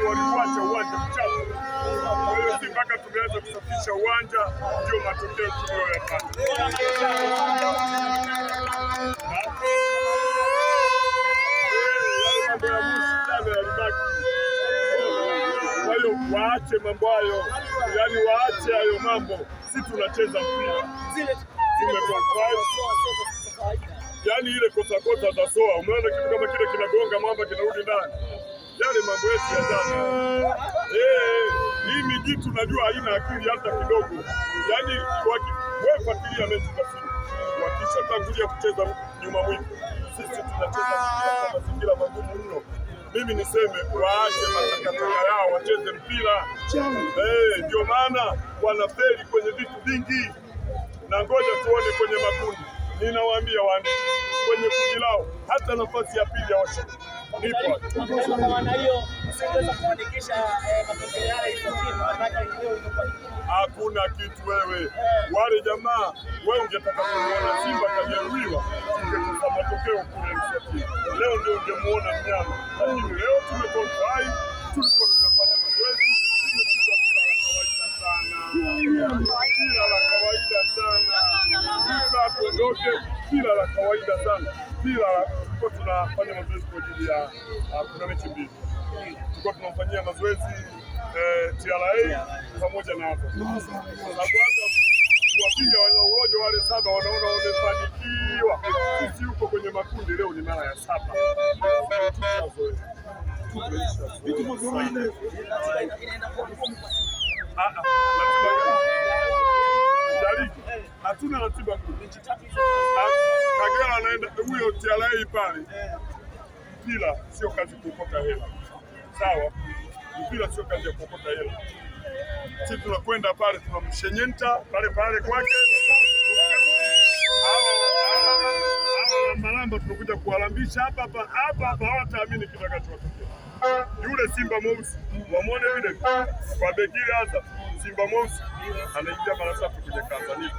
lakini walikuacha uwanja mchafu. Kwa hiyo si mpaka tumeanza kusafisha uwanja ndio matokeo tuliyoyapata. Kwa hiyo waache mambo hayo, yani waache hayo mambo. Si tunacheza mpira, yani ile kosa za soa. Umeona kitu kama kile kinagonga mwamba kinarudi ndani yale mambo yetu ya jana. Eh, hii miji tunajua haina akili hata kidogo. Yaani wewe fuatilia mechi za simu. Wakisha tangulia kucheza nyuma mwiko. Sisi tunacheza mazingira magumu mno. Mimi niseme waache matakataka yao wacheze mpira. Eh, ndio maana wanafeli kwenye vitu vingi. Na ngoja tuone kwenye makundi. Ninawaambia wani kwenye kundi lao hata nafasi ya pili hawashiki. Hakuna kitu wewe, wale jamaa wewe ungetaka kuona Simba kajeruhiwa, ungekupa matokeo kule Leo ndio ungemuona mnyama, lakini leo tumekona kila la kawaida sana, bila tuondoke, kila la kawaida sana, bila tulikuwa tunafanya mazoezi kwa ajili ya kuna mechi mbili tulikuwa tunamfanyia mazoezi TRA pamoja na kuwapiga umoja wale saba wanaona wamefanikiwa. Sisi yuko kwenye makundi leo ni mara ya saba. hatuna ratiba kuu. Kagera anaenda huyo TRA pale, mpira sio kazi kuokota hela, sawa? Mpira sio kazi ya kuokota hela. Sisi tunakwenda pale tunamshenyenta pale pale kwake mambo tunakuja kuwalambisha hapa hapa hapa hapa, hawataamini kitakachotokea. Yule simba mweusi wamwone vile kwa Bekiri Azam, simba mweusi anaingia mara tatu kwenye Tanzania.